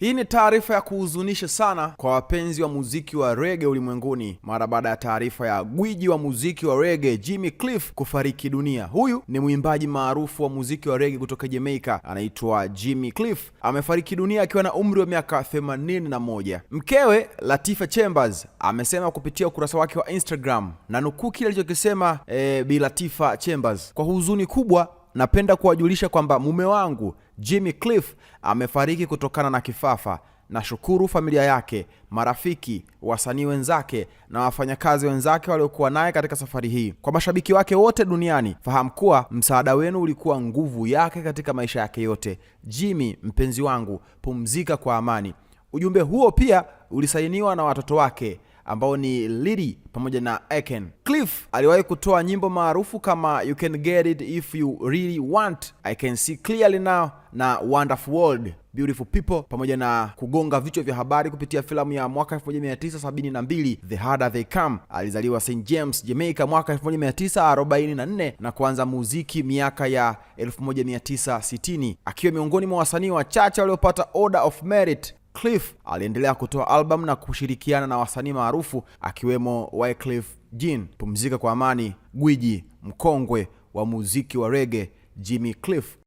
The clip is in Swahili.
Hii ni taarifa ya kuhuzunisha sana kwa wapenzi wa muziki wa rege ulimwenguni mara baada ya taarifa ya gwiji wa muziki wa rege Jimmy Cliff kufariki dunia. Huyu ni mwimbaji maarufu wa muziki wa rege kutoka Jamaica, anaitwa Jimmy Cliff. Amefariki dunia akiwa na umri wa miaka 81. Mkewe Latifa Chambers amesema kupitia ukurasa wake wa Instagram, na nukuu kile alichokisema e, Bi Latifa Chambers: kwa huzuni kubwa napenda kuwajulisha kwamba mume wangu Jimmy Cliff amefariki kutokana na kifafa. Nashukuru familia yake, marafiki, wasanii wenzake na wafanyakazi wenzake waliokuwa naye katika safari hii. Kwa mashabiki wake wote duniani, fahamu kuwa msaada wenu ulikuwa nguvu yake katika maisha yake yote. Jimmy, mpenzi wangu, pumzika kwa amani. Ujumbe huo pia ulisainiwa na watoto wake ambao ni Lily pamoja na Eken. Cliff aliwahi kutoa nyimbo maarufu kama You Can Get It If You Really Want, I Can See Clearly Now na Wonderful World, Beautiful People pamoja na kugonga vichwa vya habari kupitia filamu ya mwaka 1972 The Harder They Come. Alizaliwa St James, Jamaica mwaka 1944 na kuanza muziki miaka ya 1960 akiwa miongoni mwa wasanii wachache waliopata Order of Merit Cliff aliendelea kutoa albamu na kushirikiana na wasanii maarufu akiwemo Wyclef Jean, pumzika kwa amani, gwiji mkongwe wa muziki wa rege Jimmy Cliff.